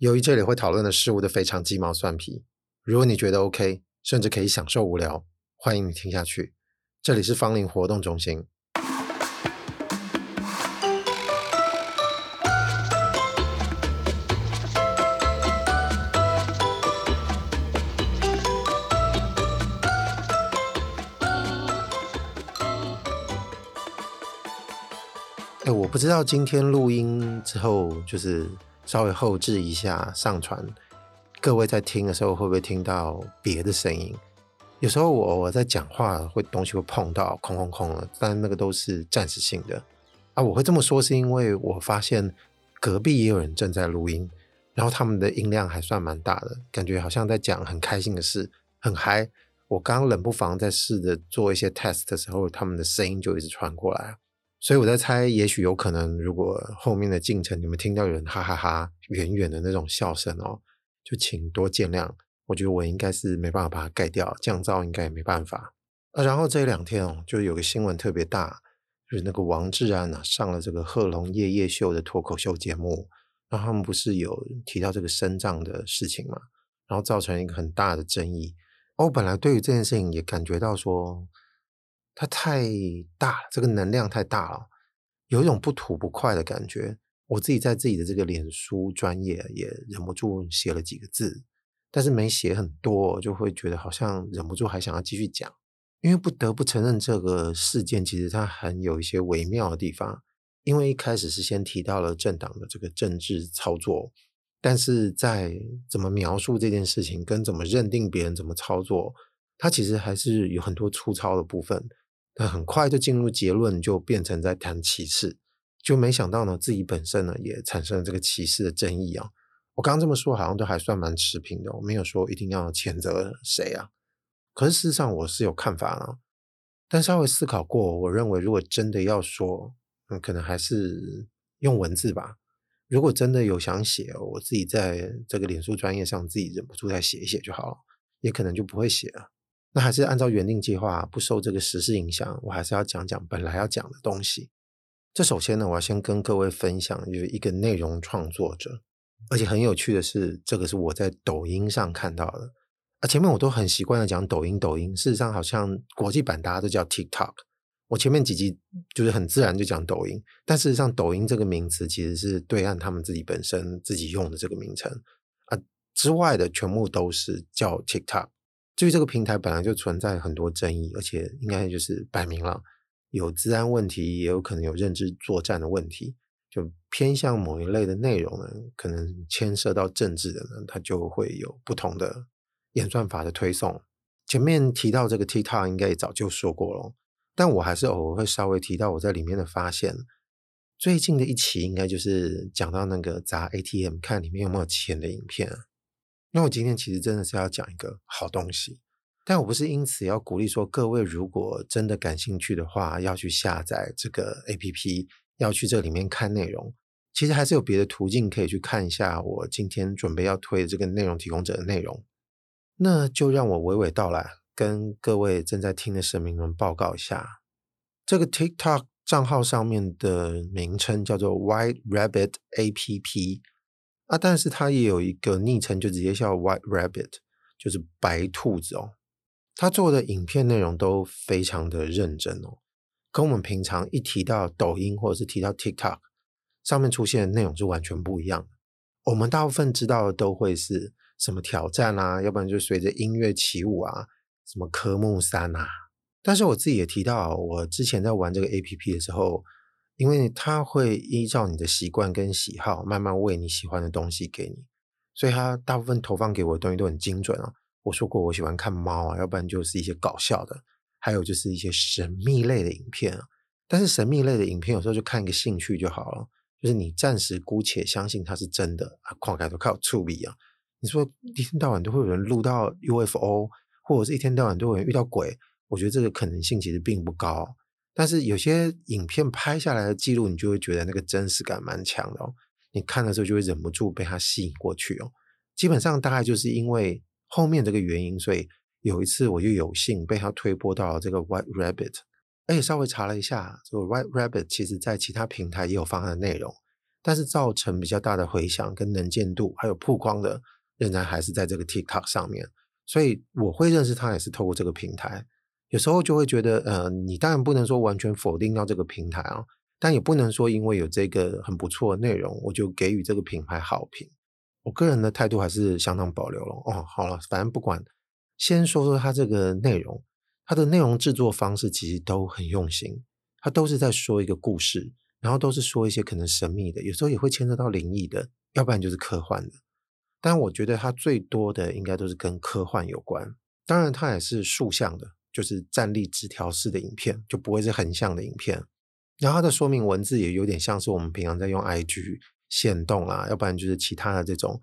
由於這裡會討論的事物都非常雞毛蒜皮，如果你覺得 OK，甚至可以享受無聊，歡迎你聽下去。這裡是芳林活動中心。誒，我不知道今天錄音之後就是。稍微後製一下上傳，各位在聽的時候會不會聽到別的聲音？有時候我我在講話，會東西會碰到哐哐哐的，但那個都是暫時性的啊。我會這麼說是因為我發現隔壁也有人正在錄音，然後他們的音量還算蠻大的，感覺好像在講很開心的事，很嗨。我剛冷不防在試着做一些 test 的時候，他們的聲音就一直傳過來。所以我在猜，也許有可能，如果後面的進程你們聽到有人哈哈哈哈遠遠的那種笑聲哦，就請多見諒。我覺得我應該是沒辦法把它蓋掉，降噪應該也沒辦法。啊，然後這兩天哦，就有個新聞特別大，就是那個王志安啊，上了這個賀龍夜夜秀的脫口秀節目，然後他們不是有提到這個身障的事情嘛，然後造成一個很大的爭議。哦，我本來對於這件事情也感覺到說，它太大了，這個能量太大了，有一種不吐不快的感覺。我自己在自己的這個臉書專頁也忍不住寫了幾個字，但是沒寫很多，就會覺得好像忍不住還想要繼續講，因為不得不承認，這個事件其實它很有一些微妙的地方。因為一開始是先提到了政黨的這個政治操作，但是在怎麼描述這件事情，跟怎麼認定別人怎麼操作，它其實還是有很多粗糙的部分。很快就進入結論，就變成在談歧視，就沒想到呢，自己本身呢也產生了這個歧視的爭議啊。我剛剛這麼說，好像都還算蠻持平的，哦，我沒有說一定要譴責誰啊。可是事實上我是有看法了，啊，但稍微思考過，我認為如果真的要說，可能還是用文字吧。如果真的有想寫，我自己在這個臉書專業上自己忍不住再寫一寫就好了，也可能就不會寫了。那還是按照原定計劃，不受這個時事影響，我還是要講講本來要講的東西。這首先呢，我要先跟各位分享有一個內容創作者，而且很有趣的是，這個是我在抖音上看到的。啊，前面我都很習慣的講抖音，抖音。事實上，好像國際版大家都叫 TikTok。我前面幾集就是很自然就講抖音，但事實上，抖音這個名詞其實是對岸他們自己本身自己用的這個名稱啊，之外的全部都是叫 TikTok。至於這個平台本來就存在很多爭議，而且應該就是擺明了有治安問題，也有可能有認知作戰的問題。就偏向某一類的內容呢，可能牽涉到政治的呢，它就會有不同的演算法的推送。前面提到這個 TikTok，應該也早就說過了，但我還是偶爾會稍微提到我在裡面的發現。最近的一期應該就是講到那個砸 ATM 看裡面有沒有錢的影片啊。那我今天其實真的是要講一個好東西，但我不是因此要鼓勵說各位如果真的感興趣的話，要去下載這個 APP，要去這裡面看內容。其實還是有別的途徑可以去看一下我今天準備要推的這個內容提供者的內容。那就讓我娓娓道來，跟各位正在聽的神明們報告一下，這個 TikTok 賬號上面的名稱叫做 White Rabbit APP。啊，但是他也有一個昵稱，就直接叫 White Rabbit，就是白兔子哦。他做的影片內容都非常的認真哦，跟我們平常一提到抖音或者是提到 TikTok 上面出現的內容是完全不一樣。我們大部分知道的都會是什麼挑戰啊，要不然就隨着音樂起舞啊，什麼科目三啊。但是我自己也提到，我之前在玩這個 APP 的時候。因為它會依照你的習慣跟喜好，慢慢餵你喜歡的東西給你，所以它大部分投放給我的東西都很精準啊。我說過我喜歡看貓啊，要不然就是一些搞笑的，還有就是一些神秘類的影片啊。但是神秘類的影片有時候就看一個興趣就好了，就是你暫時姑且相信它是真的啊。曠凱都靠處理啊，你說一天到晚都會有人錄到 UFO，或者是一天到晚都會有人遇到鬼，我覺得這個可能性其實並不高。但是有些影片拍下來的記錄，你就會覺得那個真實感蠻強的哦。你看的時候就會忍不住被它吸引過去哦。基本上大概就是因為後面這個原因，所以有一次我就有幸被它推播到了這個 White Rabbit，而且稍微查了一下，這個 White Rabbit 其實在其他平台也有放它的內容，但是造成比較大的回響跟能見度還有曝光的，仍然還是在這個 TikTok 上面。所以我會認識他也是透過這個平台。有時候就會覺得，呃，你當然不能說完全否定掉這個平台啊，但也不能說因為有這個很不錯的內容，我就給予這個品牌好評。我個人的態度還是相當保留了。哦，好了，反正不管，先說說它這個內容，它的內容制作方式其實都很用心，它都是在說一個故事，然後都是說一些可能神秘的，有時候也會牽扯到靈異的，要不然就是科幻的。但我覺得它最多的應該都是跟科幻有關，當然它也是豎向的。就是站立直條式的影片，就不會是橫向的影片。然後它的說明文字也有點像是我們平常在用 IG 限動啊，要不然就是其他的這種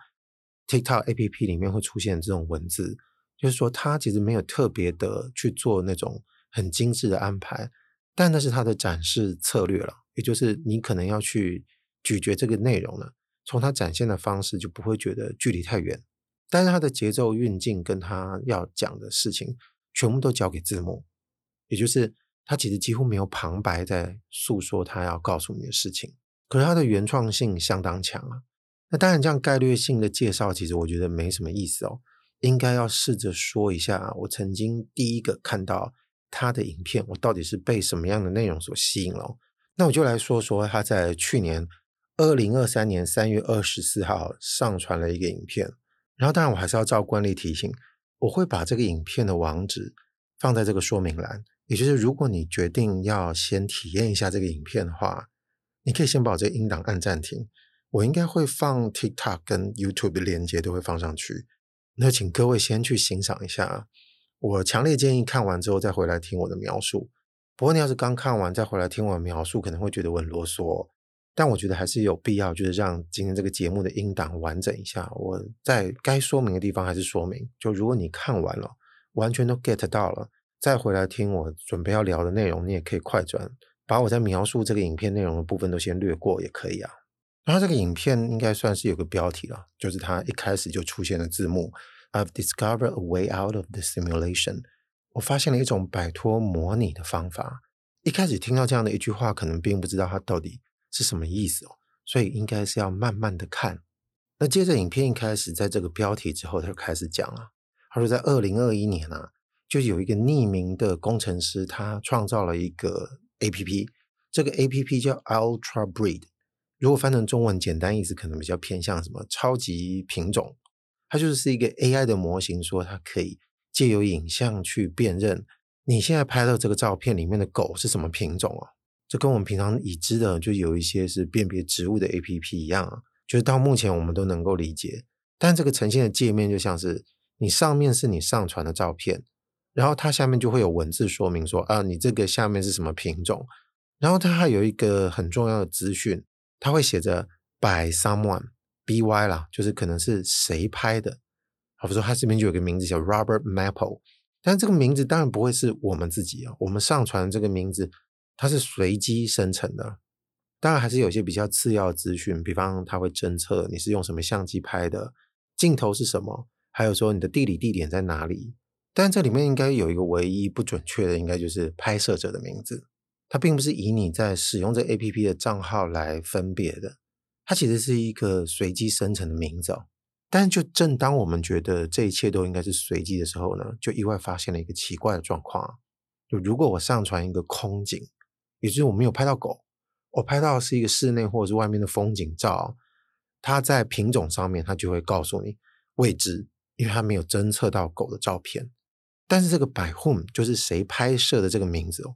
TikTok APP 裡面會出現這種文字。就是說，它其實沒有特別的去做那種很精致的安排，但那是它的展示策略了。也就是你可能要去咀嚼這個內容呢，從它展現的方式就不會覺得距離太遠。但是它的節奏運鏡跟它要講的事情，全部都交給字幕，也就是他其實幾乎沒有旁白在訴說他要告訴你的事情，可是他的原創性相當強啊。那當然，這樣概略性的介紹其實我覺得沒什麼意思哦，應該要試着說一下，我曾經第一個看到他的影片，我到底是被什麼樣的內容所吸引了哦？那我就來說說他在去年二零二三年三月二十四號上傳了一個影片，然後當然我還是要照慣例提醒。我會把這個影片的網址放在這個說明欄，也就是如果你決定要先體驗一下這個影片的話，你可以先把我這音檔按暫停。我應該會放 TikTok 跟 YouTube 的連接都會放上去，那請各位先去欣賞一下。我強烈建議看完之後再回來聽我的描述。不過你要是剛看完再回來聽我的描述，可能會覺得我很囉嗦哦。但我覺得還是有必要，就是讓今天這個節目的音檔完整一下。我在該說明的地方還是說明。就如果你看完了，完全都 get 到了，再回來聽我準備要聊的內容，你也可以快轉，把我在描述這個影片內容的部分都先略過也可以啊。然後這個影片應該算是有個標題了，就是它一開始就出現了字幕：“I've discovered a way out of the simulation。”我發現了一種擺脫模擬的方法。一開始聽到這樣的一句話，可能並不知道它到底是什麼意思哦？所以應該是要慢慢的看。那接着影片一開始，在這個標題之後，他就開始講了、啊。他說，在二零二一年呢、啊，就有一個匿名的工程師，他創造了一個 A P P，這個 A P P 叫 Ultra Breed。如果翻成中文，簡單意思可能比較偏向什麼超級品種。它就是是一個 A I 的模型，說它可以借由影像去辨認你現在拍到這個照片裡面的狗是什麼品種哦、啊。這跟我們平常已知的，就有一些是辨別植物的 APP 一樣啊，就是到目前我們都能夠理解，但這個呈現的界面就像是你上面是你上傳的照片，然後它下面就會有文字說明說啊，你這個下面是什麼品種，然後它還有一個很重要的資訊，它會寫着 by someone by 啦，就是可能是誰拍的，比如說它這邊就有一個名字叫 Robert Maple，但這個名字當然不會是我們自己啊，我們上傳的這個名字。它是隨機生成的，當然還是有些比較次要的資訊，比方它會偵測你是用什麼相機拍的，鏡頭是什麼，還有說你的地理地點在哪裡。但這裡面應該有一個唯一不準確的，應該就是拍攝者的名字，它並不是以你在使用這 APP 的賬號來分別的，它其實是一個隨機生成的名字哦。但是就正當我們覺得這一切都應該是隨機的時候呢，就意外發現了一個奇怪的狀況：就如果我上傳一個空景。也就是我沒有拍到狗，我拍到是一個室內或者是外面的風景照。它在品種上面，它就會告訴你未知，因為它沒有偵測到狗的照片。但是這個 by whom 就是誰拍攝的這個名字哦，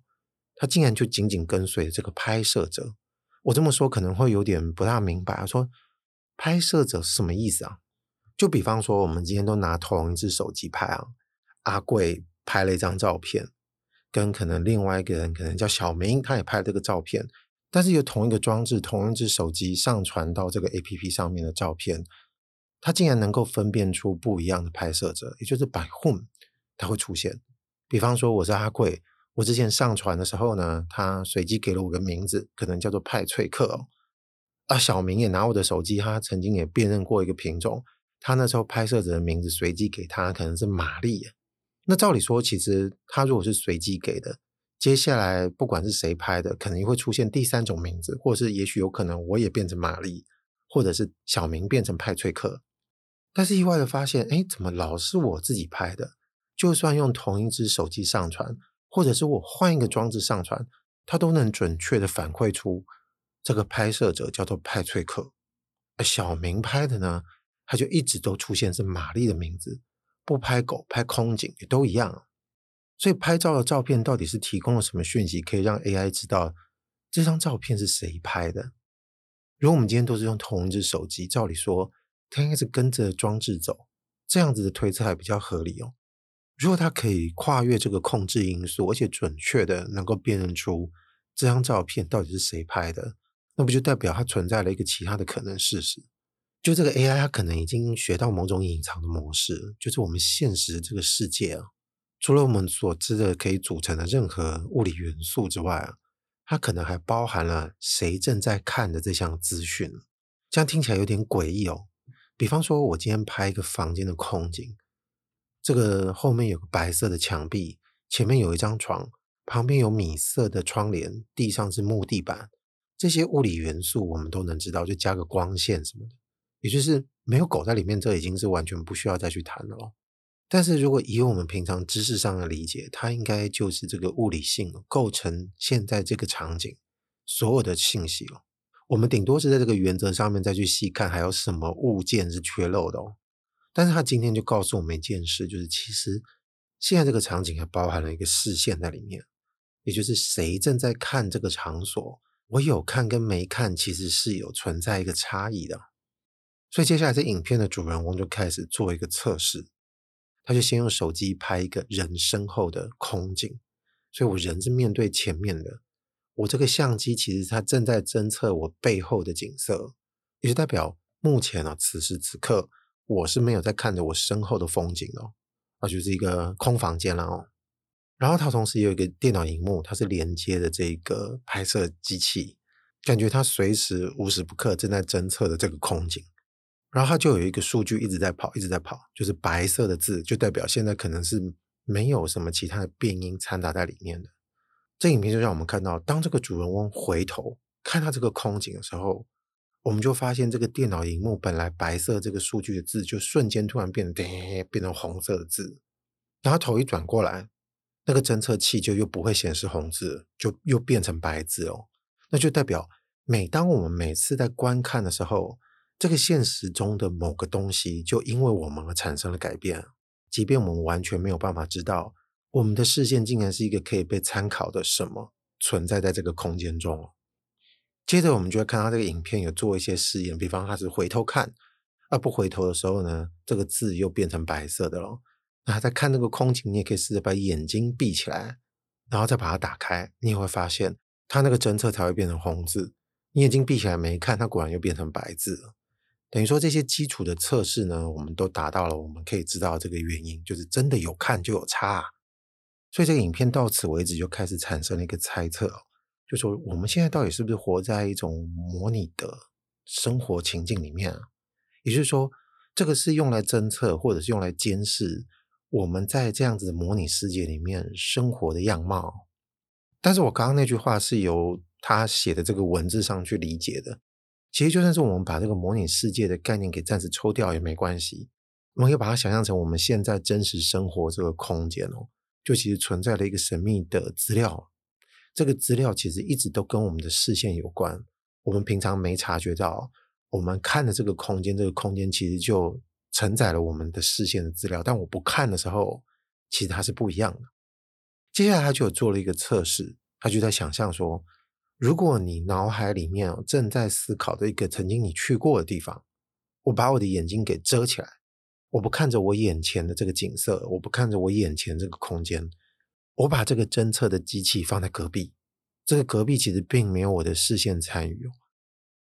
它竟然就緊緊跟隨這個拍攝者。我這麼說可能會有點不大明白啊，說拍攝者是什麼意思啊？就比方說我們今天都拿同一隻手機拍啊，阿貴拍了一張照片。跟可能另外一個人，可能叫小明，他也拍了這個照片，但是有同一個裝置、同一只手機上傳到這個 A P P 上面的照片，他竟然能夠分辨出不一樣的拍攝者，也就是百混，它會出現。比方說，我是阿貴，我之前上傳的時候呢，他隨機給了我個名字，可能叫做派翠克。哦。啊，小明也拿我的手機，他曾經也辨認過一個品種，他那時候拍攝者的名字隨機給他，可能是瑪麗。那照理說，其實他如果是隨機給的，接下來不管是誰拍的，肯定會出現第三種名字，或者是也許有可能我也變成瑪麗，或者是小明變成派翠克。但是意外的發現，哎，怎麼老是我自己拍的？就算用同一只手機上傳，或者是我換一個裝置上傳，它都能準確的反饋出這個拍攝者叫做派翠克。而小明拍的呢，他就一直都出現是瑪麗的名字。不拍狗，拍空景也都一樣，啊，所以拍照的照片到底是提供了什麼訊息，可以讓 AI 知道這張照片是誰拍的？如果我們今天都是用同一只手機，照理說它應該是跟着裝置走，這樣子的推測還比較合理哦。如果它可以跨越這個控制因素，而且準確的能夠辨認出這張照片到底是誰拍的，那不就代表它存在了一個其他的可能事實。就這個 AI，它可能已經學到某種隱藏的模式，就是我們現實這個世界啊，除了我們所知的可以組成的任何物理元素之外啊，它可能還包含了誰正在看的這項資訊。這樣聽起來有點詭異哦。比方說，我今天拍一個房間的空景，這個後面有個白色的牆壁，前面有一張床，旁邊有米色的窗簾，地上是木地板，這些物理元素我們都能知道，就加個光線什麼的。也就是沒有狗在裡面，這已經是完全不需要再去談了。但是如果以我們平常知識上的理解，它應該就是這個物理性構成現在這個場景所有的信息了。我們頂多是在這個原則上面再去細看，還有什麼物件是缺漏的。但是他今天就告訴我們一件事，就是其實現在這個場景還包含了一個視線在裡面，也就是誰正在看這個場所，我有看跟沒看其實是有存在一個差異的。所以接下來，這影片的主人翁就開始做一個測試。他就先用手機拍一個人身後的空景。所以我人是面對前面的，我這個相機其實它正在偵測我背後的景色，也就代表目前啊，此時此刻我是沒有在看着我身後的風景哦，而就是一個空房間了哦。然後他同時也有一個電腦熒幕，它是連接的這個拍攝機器，感覺他隨時無時不刻正在偵測的這個空景。然後它就有一個數據一直在跑，一直在跑，就是白色的字，就代表現在可能是沒有什麼其他的變因摻雜在裡面的。這影片就讓我們看到，當這個主人翁回頭看到這個空景的時候，我們就發現這個電腦螢幕本來白色這個數據的字，就瞬間突然變得變成紅色的字。然後頭一轉過來，那個偵測器就又不會顯示紅字，就又變成白字哦。那就代表每當我們每次在觀看的時候。這個現實中的某個東西，就因為我們而產生了改變，即便我們完全沒有辦法知道，我們的視線竟然是一個可以被參考的什麼存在在這個空間中。接着我們就會看到這個影片有做一些試驗，比方他是回頭看，而不回頭的時候呢，這個字又變成白色的了。那他在看那個空景，你也可以試着把眼睛閉起來，然後再把它打開，你也會發現它那個偵測才會變成紅字。你眼睛閉起來沒看，它果然又變成白字了。等於說這些基礎的測試呢，我們都達到了，我們可以知道這個原因就是真的有看就有差啊，所以這個影片到此為止就開始產生了一個猜測，就是說我們現在到底是不是活在一種模擬的生活情境裡面啊？也就是說，這個是用來偵測或者是用來監視我們在這樣子的模擬世界裡面生活的樣貌。但是我剛剛那句話是由他寫的這個文字上去理解的。其實就算是我們把這個模擬世界的概念給暫時抽掉也沒關係，我們可以把它想象成我們現在真實生活這個空間哦，就其實存在了一個神秘的資料，這個資料其實一直都跟我們的視線有關，我們平常沒察覺到，我們看的這個空間，這個空間其實就承載了我們的視線的資料，但我不看的時候，其實它是不一樣的。接下來他就做了一個測試，他就在想象說。如果你腦海裡面正在思考的一個曾經你去過的地方，我把我的眼睛給遮起來，我不看着我眼前的這個景色，我不看着我眼前這個空間，我把這個偵測的機器放在隔壁，這個隔壁其實並沒有我的視線參與，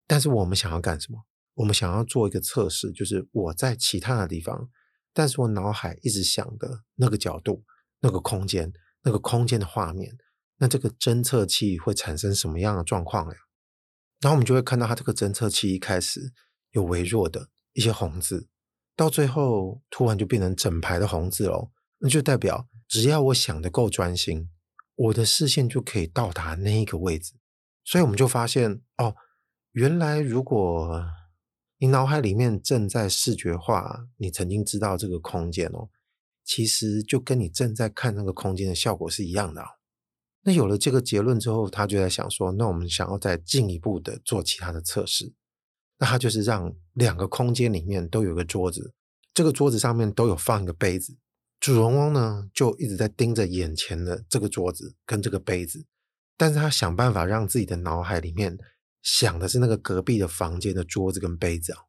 但是我們想要幹什麼？我們想要做一個測試，就是我在其他的地方，但是我腦海一直想的那個角度、那個空間、那個空間的畫面。那這個偵測器會產生什麼樣的狀況呢？然後我們就會看到，它這個偵測器一開始有微弱的一些紅字，到最後突然就變成整排的紅字了。那就代表，只要我想得夠專心，我的視線就可以到達那一個位置。所以我們就發現，哦，原來如果你腦海裡面正在視覺化你曾經知道這個空間哦，其實就跟你正在看那個空間的效果是一樣的哦。那有了這個結論之後，他就在想說，那我們想要再進一步的做其他的測試，那他就是讓兩個空間裡面都有一個桌子，這個桌子上面都有放一個杯子。主人翁呢，就一直在盯着眼前的這個桌子跟這個杯子，但是他想辦法讓自己的腦海裡面想的是那個隔壁的房間的桌子跟杯子啊。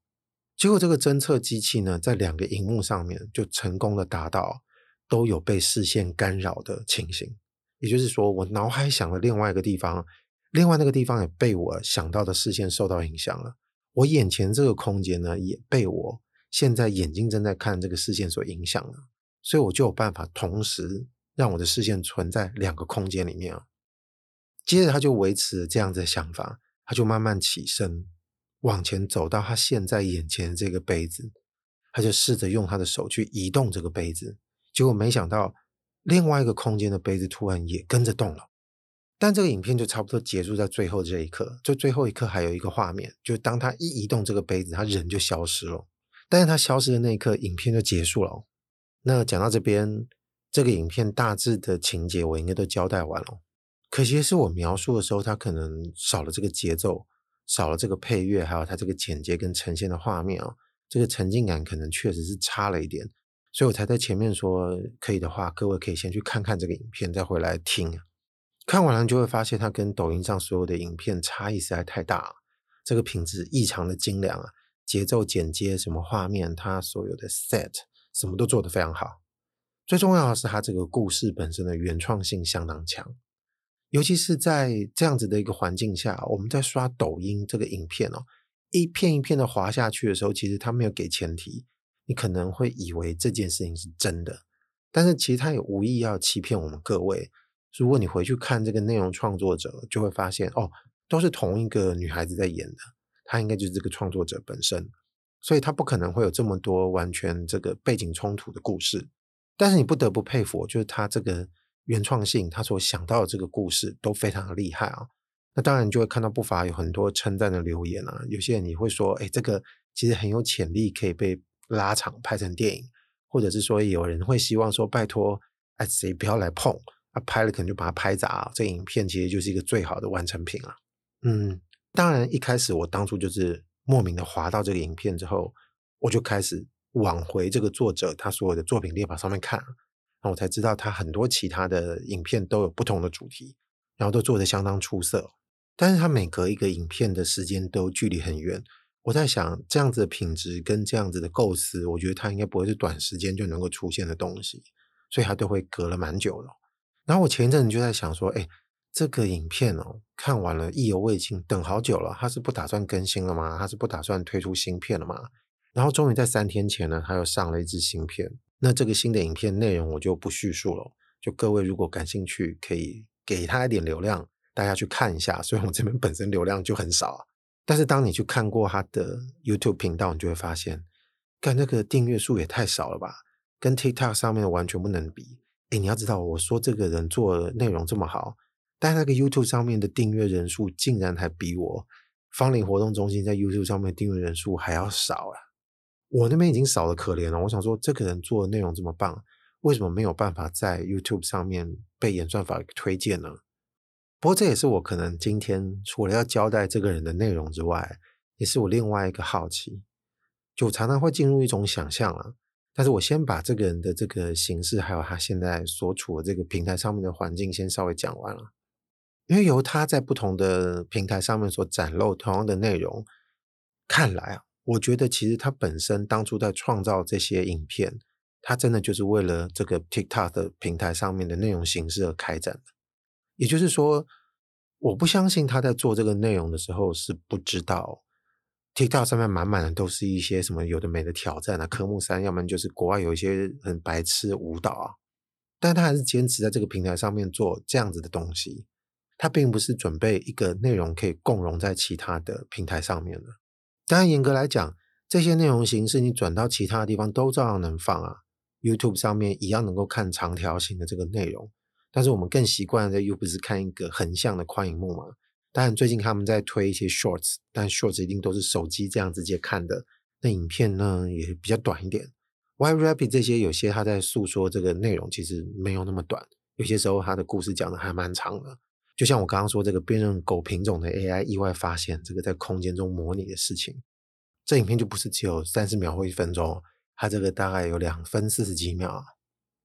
結果這個偵測機器呢，在兩個熒幕上面就成功的達到都有被視線干擾的情形。也就是說，我腦海想了另外一個地方，另外那個地方也被我想到的視線受到影響了。我眼前這個空間呢，也被我現在眼睛正在看這個視線所影響了。所以我就有辦法同時讓我的視線存在兩個空間裡面啊。接着他就維持這樣子的想法，他就慢慢起身往前走到他現在眼前的這個杯子，他就試着用他的手去移動這個杯子，結果沒想到。另外一個空間的杯子突然也跟着動了，但這個影片就差不多結束在最後這一刻。就最後一刻還有一個畫面，就當他一移動這個杯子，他人就消失了。但是他消失的那一刻，影片就結束了。那講到這邊，這個影片大致的情節我應該都交代完了。可惜是我描述的時候，他可能少了這個節奏，少了這個配樂，還有他這個剪接跟呈現的畫面啊，這個沉浸感可能確實是差了一點。所以我才在前面說，可以的話，各位可以先去看看這個影片，再回來聽。看完了就會發現，它跟抖音上所有的影片差異實在太大了，這個品質異常的精良啊，節奏、剪接什麼畫面，它所有的 set 什麼都做得非常好。最重要的是，它這個故事本身的原創性相當強，尤其是在這樣子的一個環境下，我們在刷抖音這個影片哦，一片一片的滑下去的時候，其實它沒有給前提。你可能會以為這件事情是真的，但是其實他也無意要欺騙我們各位。如果你回去看這個內容創作者，就會發現哦，都是同一個女孩子在演的，她應該就是這個創作者本身，所以她不可能會有這麼多完全這個背景衝突的故事。但是你不得不佩服，就是她這個原創性，她所想到的這個故事都非常的厲害啊。那當然你就會看到不乏有很多稱讚的留言啊。有些人你會說，哎，這個其實很有潛力，可以被。拉長拍成電影，或者是說有人會希望說，拜託，哎，誰不要來碰？啊、拍了可能就把它拍砸，這個影片其實就是一個最好的完成品了。嗯，當然一開始我當初就是莫名的滑到這個影片之後，我就開始往回這個作者他所有的作品列表上面看，那我才知道他很多其他的影片都有不同的主題，然後都做得相當出色，但是他每隔一個影片的時間都距離很遠。我在想，這樣子的品質跟這樣子的構思，我覺得它應該不會是短時間就能夠出現的東西，所以它就會隔了蠻久的。然後我前一陣子就在想說，哎、欸，這個影片哦，看完了意猶未盡，等好久了，它是不打算更新了嗎？它是不打算推出新片了嗎？然後終於在三天前呢，它又上了一支新片。那這個新的影片內容我就不敘述了，就各位如果感興趣，可以給它一點流量，大家去看一下。雖然我這邊本身流量就很少啊。但是當你去看過他的 YouTube 頻道，你就會發現，幹那個訂閱數也太少了吧，跟 TikTok 上面完全不能比。誒，你要知道，我說這個人做的內容這麼好，但那個 YouTube 上面的訂閱人數竟然還比我方林活動中心在 YouTube 上面訂閱人數還要少啊！我那邊已經少得可憐了。我想說，這個人做的內容這麼棒，為什麼沒有辦法在 YouTube 上面被演算法推薦呢？不過這也是我可能今天除了要交代這個人的內容之外，也是我另外一個好奇，就常常會進入一種想象了啊。但是我先把這個人的這個形式，還有他現在所處的這個平台上面的環境，先稍微講完了。因為由他在不同的平台上面所展露同樣的內容看來啊，我覺得其實他本身當初在創造這些影片，他真的就是為了這個 TikTok 的平台上面的內容形式而開展的。也就是說，我不相信他在做這個內容的時候是不知道哦，TikTok 上面滿滿的都是一些什麼有的沒的挑戰啊，科目三，要麼就是國外有一些很白痴舞蹈啊，但他還是堅持在這個平台上面做這樣子的東西，他並不是準備一個內容可以共融在其他的平台上面的。當然，嚴格來講，這些內容形式你轉到其他地方都照樣能放啊，YouTube 上面一樣能夠看長條形的這個內容。但是我們更習慣的又不是看一個橫向的寬銀幕嘛？當然，最近他們在推一些 shorts，但 shorts 一定都是手機這樣直接看的。那影片呢，也比較短一點。White Rabbit 這些有些他在訴說這個內容，其實沒有那麼短。有些時候他的故事講的還蠻長的。就像我剛剛說這個辨認狗品種的 AI 意外發現這個在空間中模擬的事情，這影片就不是只有三十秒或一分鐘，它這個大概有兩分四十幾秒啊。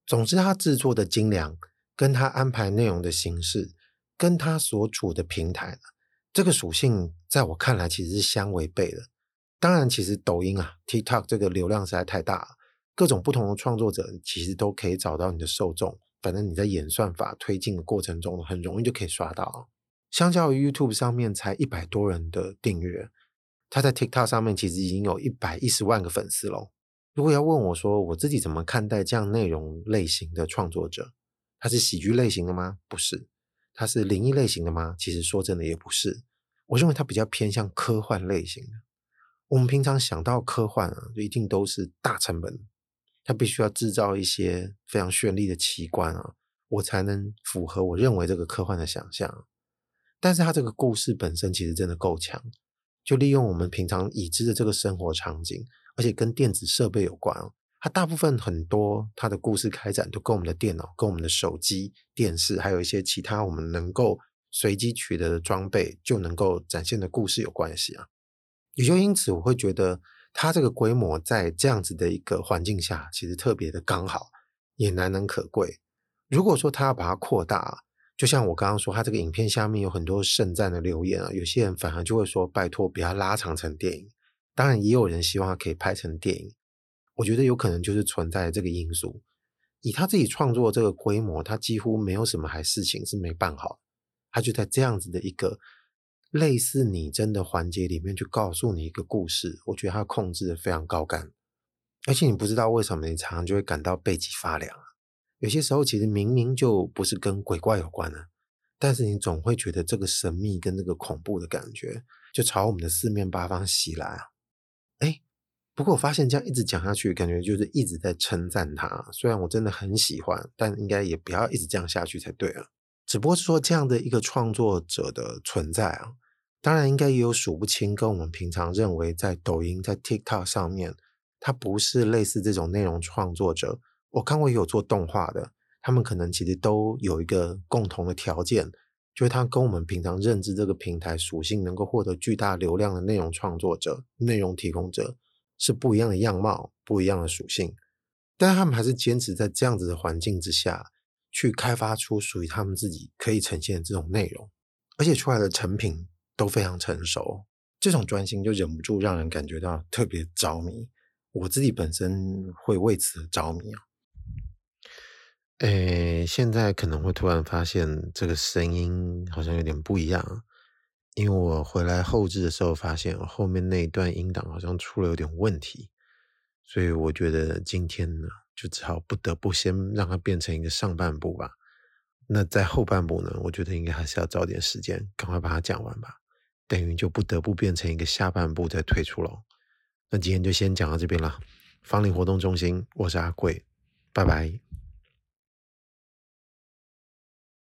總之，它製作的精良。跟他安排內容的形式，跟他所處的平台，這個屬性在我看來其實是相違背的。當然，其實抖音啊、TikTok 這個流量實在太大了，各種不同的創作者其實都可以找到你的受眾。反正你在演算法推進的過程中，很容易就可以刷到。相較於 YouTube 上面才一百多人的訂閱，他在 TikTok 上面其實已經有一百一十萬個粉絲了。如果要問我說我自己怎麼看待這樣內容類型的創作者？它是喜劇類型的嗎？不是，它是靈異類型的嗎？其實說真的也不是。我認為它比較偏向科幻類型的。我們平常想到科幻啊，就一定都是大成本，它必須要制造一些非常絢麗的奇觀啊，我才能符合我認為這個科幻的想象。但是它這個故事本身其實真的夠強，就利用我們平常已知的這個生活場景，而且跟電子設備有關啊它大部分很多，它的故事開展都跟我們的電腦、跟我們的手機、電視，還有一些其他我們能夠隨機取得的裝備，就能夠展現的故事有關係啊。也就因此，我會覺得它這個規模在這樣子的一個環境下，其實特別的剛好，也難能可貴。如果說他要把它擴大，就像我剛剛說，它這個影片下面有很多盛讚的留言啊，有些人反而就會說：“拜托，不要拉長成電影。”當然，也有人希望他可以拍成電影。我覺得有可能就是存在的這個因素。以他自己創作這個規模，他幾乎沒有什麼還事情是沒辦好。他就在這樣子的一個類似擬真的環節裡面去告訴你一個故事。我覺得他控制得非常高竿，而且你不知道為什麼，你常常就會感到背脊發涼啊。有些時候其實明明就不是跟鬼怪有關的啊，但是你總會覺得這個神秘跟那個恐怖的感覺就朝我們的四面八方襲來啊！誒不過我發現這樣一直講下去，感覺就是一直在稱讚他。雖然我真的很喜歡，但應該也不要一直這樣下去才對啊。只不過是說這樣的一個創作者的存在啊，當然應該也有數不清跟我們平常認為在抖音、在 TikTok 上面，他不是類似這種內容創作者。我看過也有做動畫的，他們可能其實都有一個共同的條件，就是他跟我們平常認知這個平台屬性能夠獲得巨大流量的內容創作者、內容提供者。是不一樣的樣貌，不一樣的屬性，但是他們還是堅持在這樣子的環境之下，去開發出屬於他們自己可以呈現的這種內容，而且出來的成品都非常成熟。這種專心就忍不住讓人感覺到特別着迷，我自己本身會為此着迷啊。誒，現在可能會突然發現這個聲音好像有點不一樣。因為我回來後製的時候，發現後面那一段音檔好像出了有點問題，所以我覺得今天呢，就只好不得不先讓它變成一個上半部吧。那在後半部呢，我覺得應該還是要找點時間，趕快把它講完吧，等於就不得不變成一個下半部再退出咯。那今天就先講到這邊了，芳林活動中心，我是阿貴，拜拜。